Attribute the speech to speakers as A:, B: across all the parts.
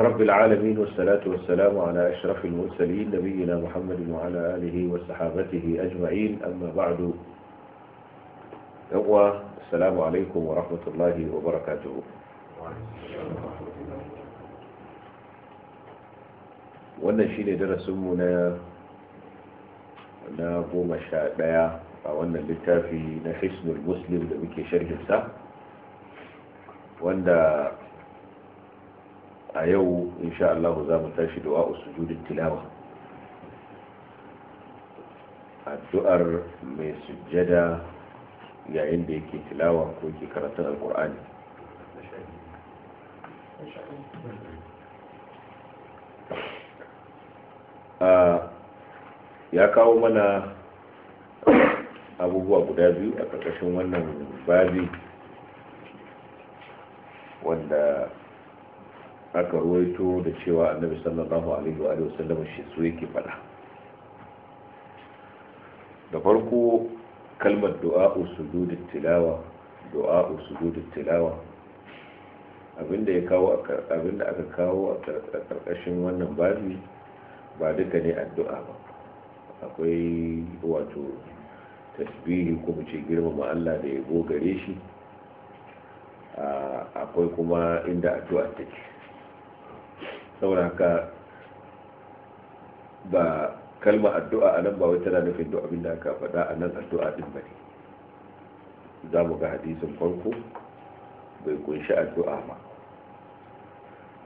A: رب العالمين والصلاة والسلام على أشرف المرسلين نبينا محمد وعلى آله وصحابته أجمعين أما بعد أقوى السلام عليكم ورحمة الله وبركاته wannan shi ne darasinmu na na goma sha ɗaya a wannan littafi na hisnul muslim a yau insha Allah za mu tashi da wa'u sujudin tilawa addu'ar mai sujjada yayin da yake tilawa ko ke karatun alkur'ani ya kawo mana abubuwa guda biyu a ƙarƙashin wannan babi wanda aka ruwaito da cewa annabi sallallahu alaihi wa wasallam shi su yake fada da farko kalmar du'a usudud tilawa du'a tilawa abinda ya kawo abinda aka kawo a karkashin wannan babi ba duka ne addu'a ba akwai wato tasbihi ko girma girmama Allah da ya gogare shi akwai kuma inda addu'a take saboda haka ba kalma addu'a a nan ba wai tana nufin duk abin da aka faɗa a nan addu'a ɗin ba ne za mu ga hadisin farko bai kunshi addu'a ma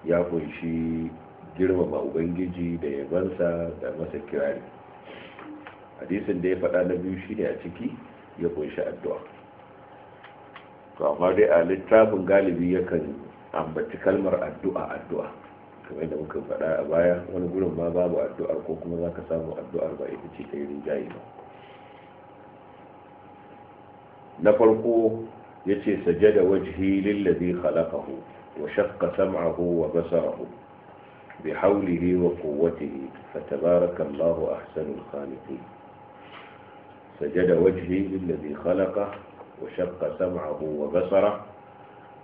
A: ya kunshi girmama ubangiji da yabansa da masa kirari hadisin da ya faɗa na biyu shi ne a ciki ya kunshi addu'a to amma dai a littafin galibi yakan ambaci kalmar addu'a addu'a kamar yadda muka faɗa a baya wani gurin ma babu addu'ar ko kuma za ka samu addu'ar ba ita ce ta yi rinjaye ba na farko ya ce sajada wajhi lillazi khalaqahu wa shaqqa sam'ahu wa basarahu bi hawlihi wa quwwatihi fatabaraka Allahu ahsanul khaliqin sajada wajhi lillazi khalaqa wa shaqqa sam'ahu wa basarahu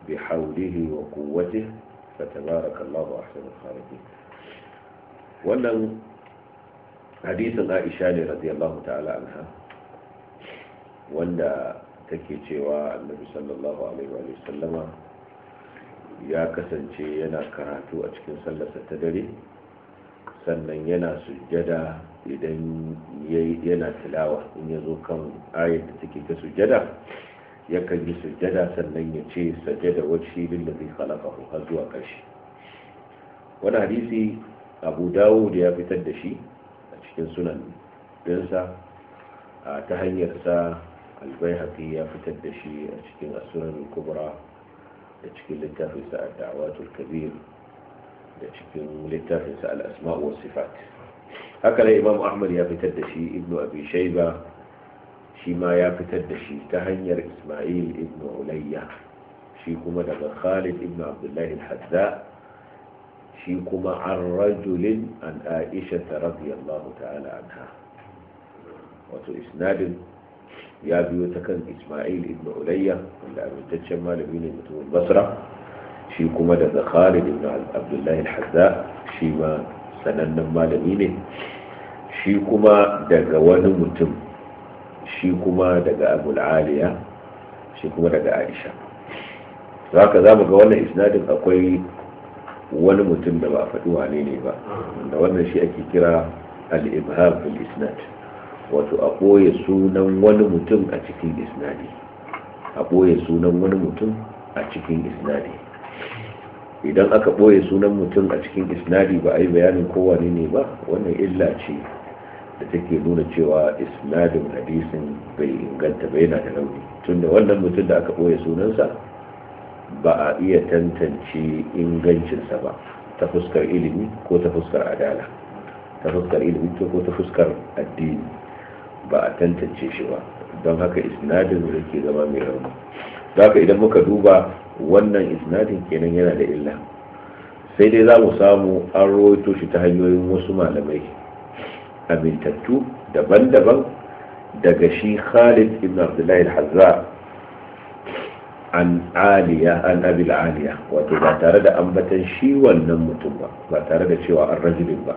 A: bi hawlihi wa quwwatihi فتبارك الله أحسن الخالقين wannan hadisin aisha ne radiyallahu ta'ala anha wanda take cewa annabi sallallahu alaihi sallama ya kasance yana karatu a cikin sallarsa ta dare sannan yana sujjada idan yana tilawa in ya zo kan ayat da take ta sujjada yakan yi sujjada sannan ya ce sajada wacce zai khalaqahu har zuwa ƙarshe wani hadisi abu dawo da ya fitar da shi a cikin sunan dinsa ta hanyar sa albayhaqi ya fitar da shi a cikin asunan kubra da cikin littafin sa da'watul kabir da cikin littafin sa al asma'u sifat haka ne imam ahmad ya fitar da shi ibnu abi shi ma ya fitar da shi ta hanyar ismail ibn ulayya shi kuma daga khalid ibn abdullahi al-hadda shi kuma an rajulin an aisha ta radiyallahu ta'ala anha wato isnadin ya biyo ta kan ismail ibn ulayya wanda amintaccen malami ne mutumin basra shi kuma daga khalid ibn abdullahi al-hadda shi ma sanannen malami ne shi kuma daga wani mutum shi kuma daga abul aliya shi kuma daga aisha Za za mu ga wannan isnadin akwai wani mutum da ba a faɗi wane ne ba da wannan shi ake kira al ibhar fil isnad wato a ɓoye sunan wani mutum a cikin isnadi a ɓoye sunan wani mutum a cikin isnadi idan aka ɓoye sunan mutum a cikin isnadi ba a yi bayanin kowane ne ba wannan illa ce da take nuna cewa isnadin hadisin bai inganta ba yana da rauni tunda wannan mutum da aka boye sunansa ba a iya tantance ingancinsa ba ta fuskar ilimi ko ta fuskar adala ta fuskar ilimi ko ta fuskar addini ba a tantance shi ba don haka isnadin da ke zama mai rauni haka idan muka duba wannan isnadin kenan yana da illa sai dai za mu samu an rawaito shi ta hanyoyin wasu malamai amintattu daban-daban daga shi khalid ibn abdullahi al-hazza an aliya an abil aliya wato ba tare da ambatan shi wannan mutum ba ba tare da cewa an rajulin ba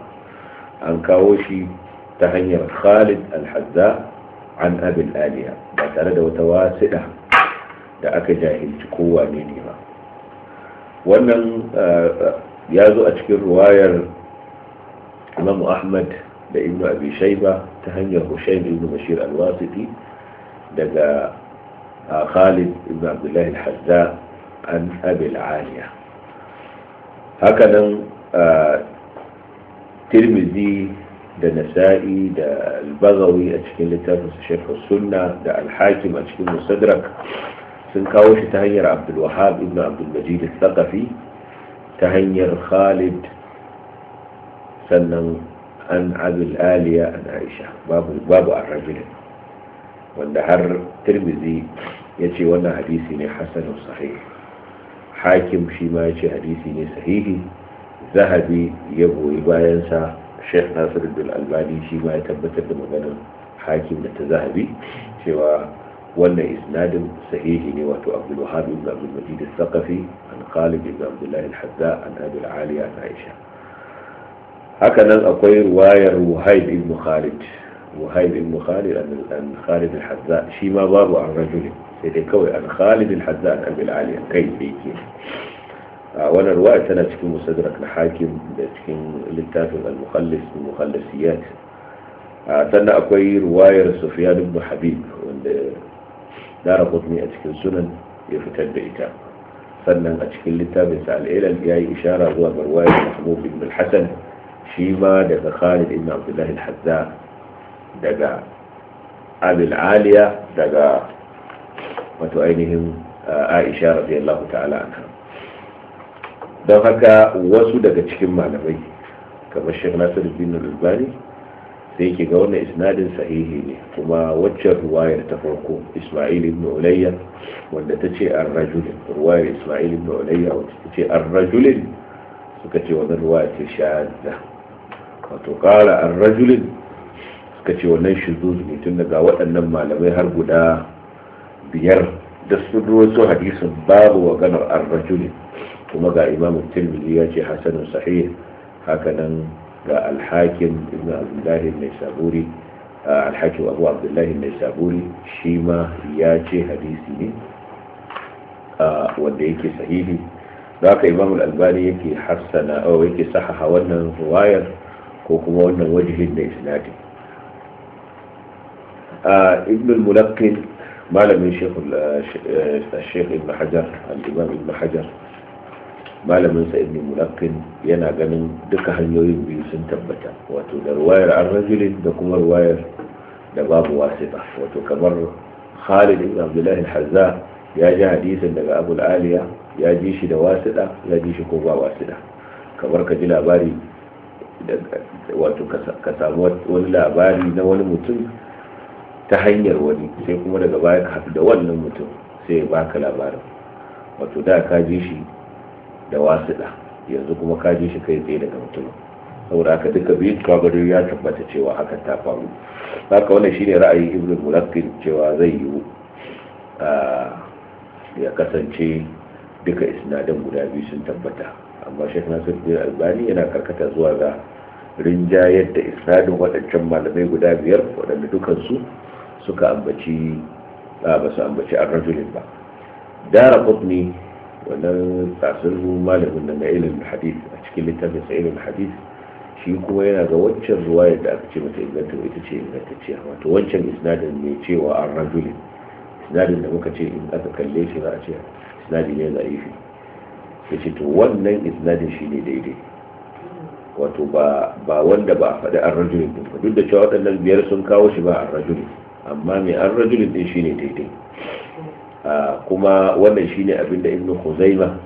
A: an kawo shi ta hanyar khalid al-hazza an abil aliya ba tare da wata wasiɗa da aka jahilci kowa ne ne ba wannan eh, eh, ya zo a cikin ruwayar imamu ahmad لابن أبي شيبة تهنيه هشيم بن بشير الواسطي لدى آه، خالد بن عبد الله الحذاء عن أبي العالية هكذا آه، ترمذي دا نسائي دا البغوي أتشكين لتابس شيخ السنة دا الحاكم أتشكين مصدرك سنكاوش تهير عبد الوهاب ابن عبد المجيد الثقفي تهير خالد سنن an abin aliya an aisha babu an wanda har tirbizi ya ce wannan hadisi ne hasanun sahihi hakim shi ma ya ce hadisi ne sahihi zahabi ya goyi bayansa sheikh nasiruddin albani shi ma ya tabbatar da maganar hakim da ta zahabi cewa wannan isnadin sahihi ne wato abdul wahab ibn abdul majid al-thaqafi an khalid ibn abdullah al-hadda an abil aliya na aisha هكذا أقول واير وهايد ابن خالد وهايد ابن خالد أن خالد الحذاء شي ما بابه عن رجل سيدي كوي أن خالد الحزاء أن أبي العالي كيف بيكي وانا رواية أنا تكون مستدرك لحاكم تكون للتافل المخلص المخلصيات أتنا أقول واير سفيان بن حبيب دار قطني أتكون سنن يفتد بإتاب فنن أتكون للتابس على إلى الجاي إشارة هو رواية محمود بن الحسن shi ma daga khalid ibn abdullahi al-hazza daga abil aliya daga wato ainihin uh, aisha radiyallahu ta'ala anha don haka wasu daga cikin malamai kamar shek nasiruddin al bani sai ke ga wannan isnadin sahihi ne kuma waccan ruwayar ta farko isma'il ibn ulayya wanda ta ce an rajulin ruwayar isma'il ibn ulayya wanda ta ce an rajulin suka ce wannan ruwayar ce shahada wato ƙara an rajulin suka ce wannan shuzuz ne tun daga waɗannan malamai har guda biyar da sun ruwaito hadisin babu wa maganar an rajulin kuma ga imamu tilmili ya ce hasanun sahih hakanan ga alhakin ibn abdullahi mai saburi Alhakin abu abdullahi mai saburi shi ma ya ce hadisi ne wanda yake sahihi da haka imam albani yake hassana oh, yake sahaha wannan ruwayar ko kuma wannan wajihin da isnadi ibn al-mulaqqin malamin shekh eh, eh, ibn hajar al-imam ibn hajar malamin sa ibn mulaqqin yana ganin duka hanyoyin biyu sun tabbata wato da ruwayar ar-rajulin da kuma ruwayar da babu wasita wato kamar Khalid ibn Abdullah al-Hazza ya ji hadisin daga Abu al-Aliya ya ji shi da wasita ya ji shi ko ba wasita kamar ka ji labari wato ka samu wani labari na wani mutum ta hanyar wani sai kuma daga baya ka haɗu da wannan mutum sai ya baka labarin wato da ka ji shi da da yanzu kuma ka ji shi kai tsaye daga mutum saboda haka duka biyu kabarin ya tabbata cewa haka ta faru haka wannan shine ra'ayin ibn mulakin cewa zai yiwu ya kasance duka isnadin guda biyu sun tabbata amma shekh sun fi albani yana karkata zuwa ga rinjayar da isnadin waɗancan malamai guda biyar waɗanda dukansu suka ambaci a basu ambaci a rajulin ba dara kutni wannan tasirin malamin nan na ilimin hadith a cikin littafin sa ilimin hadith shi kuma yana ga waccan ruwa da aka ce mata inganta ita ce ingantacciya wato wancan isnadin mai cewa a rajulin isnadin da muka ce in aka kalle shi za a ce isnadin ne za'ifi ya ce to wannan isnadin shi ne daidai wato ba wanda ba faɗi an rajulin din duk da cewa waɗannan biyar sun kawo shi ba an rajulin amma mai an rajulin din shine daidai kuma wannan shine abin da ibnu khuzaima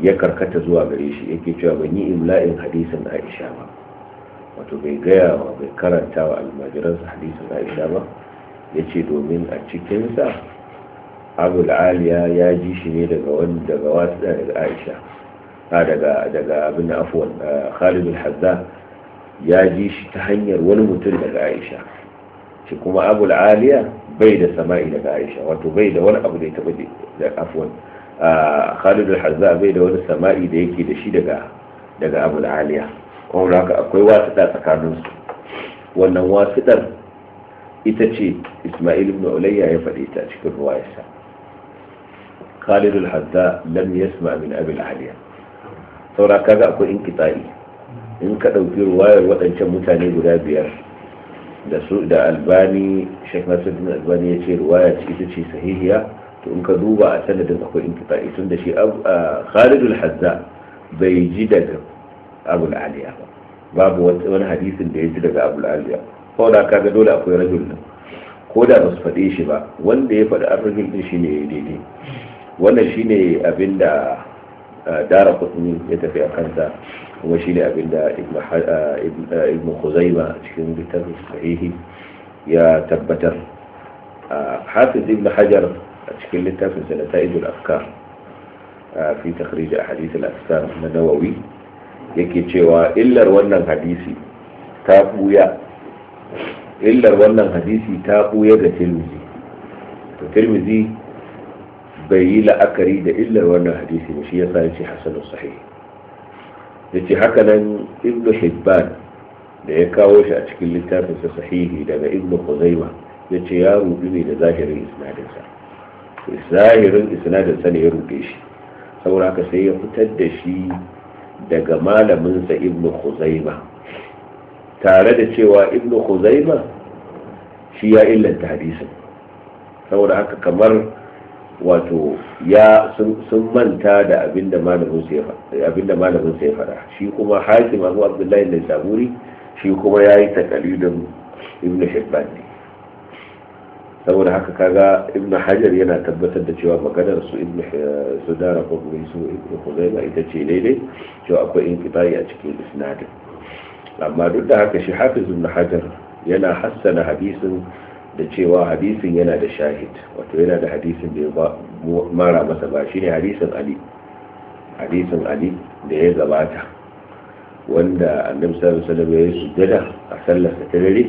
A: ya karkata zuwa gare shi yake cewa ban yi imla'in hadisin aisha ba wato bai gaya wa bai karanta wa almajiransa hadisin aisha ba ya ce domin a cikinsa abu aliya ya ji shi ne daga wani daga wasu daga aisha daga daga abin da afuwan, eh, al-Hazzan ya ji shi ta hanyar wani mutum daga Aisha shi kuma Abu aliya bai da sama'i daga Aisha wato bai da wani abu da ya taba da afuwan. Eh, Khalid al bai da wani sama'i da yake da shi daga daga Abu al-Aliya kuma haka akwai wasiƙa tsakanin su wannan wasiƙar ita ce Isma'il ibn Ulayya ya faɗi ta cikin ruwayarsa Khalid al-Hazzan lam yasma min Abi aliya saura kaga akwai inkita'i in ka ɗauki ruwayar waɗancan mutane guda biyar da su da albani shek albani ya ce ruwaya ita ce sahihiya to in ka duba a sanadin akwai inkita'i tun da shi khalidul hazza bai ji daga abul aliya babu wani hadisin da ya ji daga abul aliya saboda kaga dole akwai rajul nan ko da ba su faɗe shi ba wanda ya faɗi an rajul shi ne daidai wannan shine abinda dara kutni ya tafi a kansa kuma shi ne abinda ibn huzaima cikin bitar sahihi ya tabbatar hafiz ibn hajar a cikin littafin sa na ta'idul afkar fi takhrij hadith al-afkar na nawawi yake cewa illar wannan hadisi ta buya illar wannan hadisi ta buya ga tirmizi to tirmizi bai yi la'akari da illar wannan hadisi ba shi ya sa yace hasanun sahih yace haka nan ibnu hibban da ya kawo shi a cikin littafin sa sahihi daga ibnu khuzaima yace ya rubi ne da zahirin isnadin sa zahirin isnadin sa ne ya rube shi saboda haka sai ya fitar da shi daga malamin sa ibnu khuzaima tare da cewa ibnu khuzaima shi ya illanta hadisin saboda haka kamar wato ya sun manta da abinda malamin sa ya fada shi kuma haƙi abu abdullahi da saburi shi kuma ya yi takalidin ibn shibban ne saboda haka kaga ibn hajar yana tabbatar da cewa maganar su ibn eh, sudara ko su ibn ita ce daidai cewa akwai inqita'i a cikin isnadin amma duk da haka shi hafiz ibn hajar yana hassana hadisin da cewa hadisin yana da shahid wato yana da hadisin da mara masa ba shi ne hadisin ali hadisin ali da ya gabata wanda annabi sallallahu alaihi wasallam ya sujjada a sallar ta dare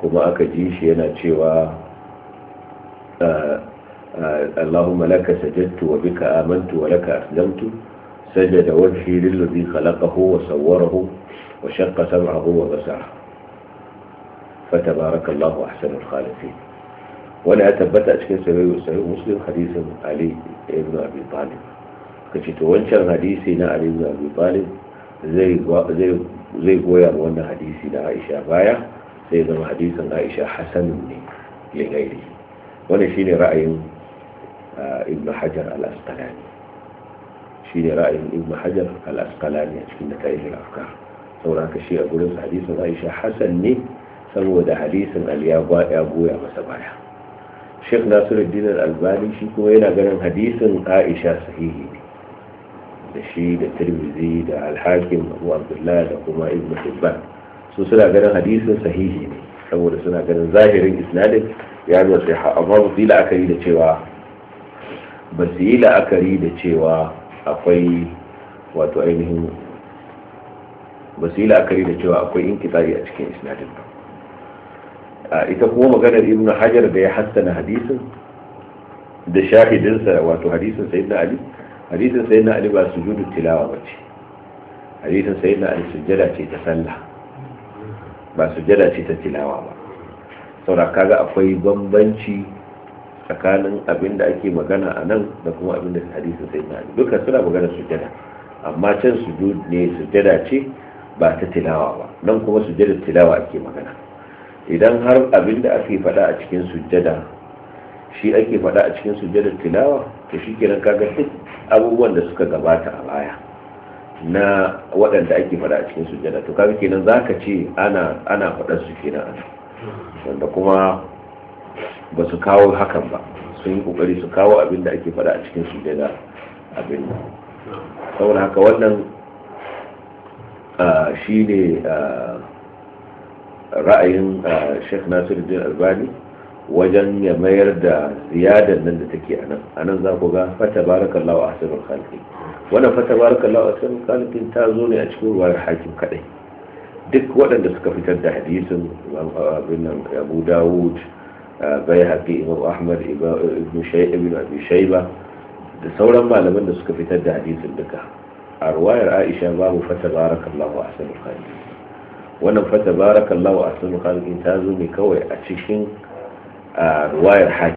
A: kuma aka ji shi yana cewa Allahumma laka sajadtu wa bika amantu wa laka aslamtu sajada wajhi lillazi khalaqahu wa sawwarahu wa shaqqa sam'ahu wa basarahu فتبارك الله أحسن الخالقين وانا اتبت اشكن سبيل وسبيل مسلم حديث علي بن ابي طالب كشي تونشر حديثنا علي بن ابي طالب زي زي زي قوي وانا حديثنا عائشة بايا زي زم حديث عائشة حسن مني لغيري وانا شيني رأي آه، ابن حجر الاسقلاني شيني رأي ابن حجر الاسقلاني اشكن نتائج الافكار سوراك الشيء اقول حديث عائشة حسن مني saboda hadisin ali ya goya masa baya sheikh nasiruddin al-albani shi kuma yana ganin hadisin aisha sahihi ne da shi da tirmidhi da al-hakim abu abdullah da kuma ibn hibban su suna ganin hadisin sahihi ne saboda suna ganin zahirin isnadin ya zo sai amma ba su yi la'akari da cewa ba su yi la'akari da cewa akwai wato ainihin ba su yi la'akari da cewa akwai inkitari a cikin isnadin ba ita kuma maganar ibnu hajar da ya hassana hadisin da shahidinsa wato hadisin na ali hadisin na ali ba su judu tilawa ba ce hadisin na ali sujjada ce ta sallah ba sujjada ce ta tilawa ba saboda kaga akwai bambanci tsakanin abin da ake magana a nan da kuma abin da hadisin na ali duka suna magana sujjada amma can sujud ne sujjada ce ba ta tilawa ba nan kuma sujjadar tilawa ake magana idan har abin da ake fada a cikin sujjada shi ake fada a cikin sujjada tilawa to shi kenan kaga duk abubuwan da suka gabata a baya na waɗanda ake faɗa a cikin sujjada to kaga kenan zaka ce ana ana fada su kenan wanda kuma ba su kawo hakan ba sun yi kokari su kawo abin da ake fada a cikin sujjada abin saboda haka wannan ah, shi ne ah, ra'ayin uh, sheikh nasiruddin albani wajen ya mayar da ziyadar nan da take a nan a nan za ku ga fata barakallahu a asirin khalqi wannan fata barakallahu a asirin khalqi ta zo ne a cikin ruwayar hakim kadai duk waɗanda suka fitar da hadisin abin abu dawud uh, bai haƙi imam ahmad ibn shaiba da sauran malaman da suka fitar da hadisin duka a ruwayar aisha babu fata barakallahu a asirin khalqi wannan fata barakallahu a sun ta zo ne kawai a cikin ah, ruwayar haki